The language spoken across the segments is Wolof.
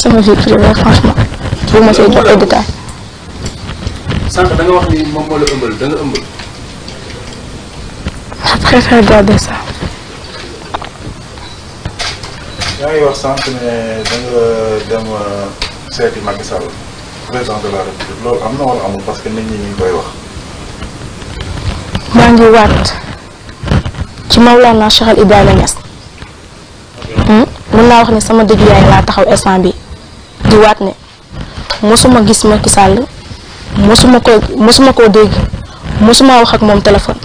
sama vie privée franchement bu ma see jox ay da nga wax ni moom moo la ëmbal da nga wax euh, la République loolu na amul parce que nit ñi ñu koy wax. maa ngi waat ci Maulana Cheikh Ibrahima Niass. Hmm? mën naa wax ne sama dëgg yaay laa taxaw instant bi di waat ne mosuma gis Macky Sall mosuma ko mosuma koo dégg mosuma wax ak moom téléphone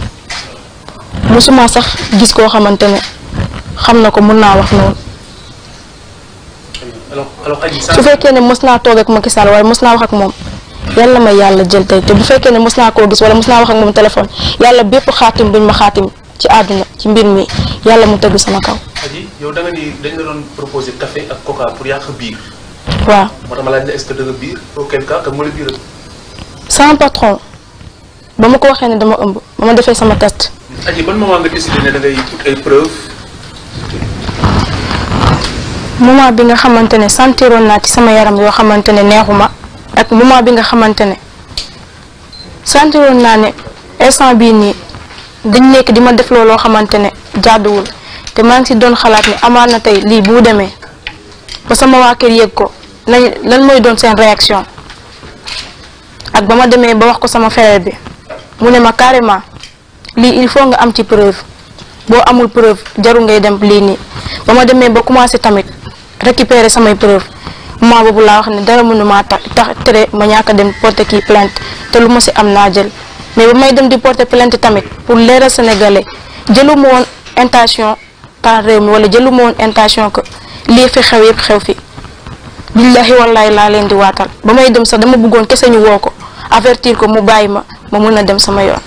mosuma sax gis koo xamante ne xam na ko mun naa wax noonu. su fekkee ne mos naa toog ak Macky Sall waaye mos naa wax ak moom yàlla ma yàlla jël tey te bu fekkee ne mos naa koo gis wala mos naa wax ak moom téléphone yàlla bépp xaatim buñ ma xaatim ci àdduna ci mbir mi yàlla mu tegu sama kaw. yow da nga ni dañ la yàq biir. waa moo tax ma laaj la patron ba ma ko waxee ne dama ëmb ba ma defee sama test. Adji ban moment bi nga xamante ne sentiroon naa ci sama yaram yoo xamante ne neexuma ak moment bi nga xamante ne sentiroon naa ne instant bii nii dañ nekk di ma def looloo xamante ne jàdduwul te maa ngi si doon xalaat ne amaan na tey lii bu demee ba sama waa kër ko lañ lan mooy doon seen réaction ak ba ma demee ba wax ko sama frère bi mu ne ma carrément lii il faut nga am ci preuve boo amul preuve jarul ngay dem lii nii ba ma demee ba commencé tamit récupérer samay preuve moment boobu laa wax ne dara mënu maa tax tere ma ñàkk dem porter kii plainte te lu ma si am naa jël mais ba may dem di porter plainte tamit pour leeral sénégalais jëlu ma woon intention par réew mi wala jëlu ma woon intention que lii fi xew yëpp xew fi billahi wallahi laa leen di waatal ba may dem sax dama bëggoon kese ñu woo ko avertir ko mu bàyyi ma ma mën a dem sama yoon.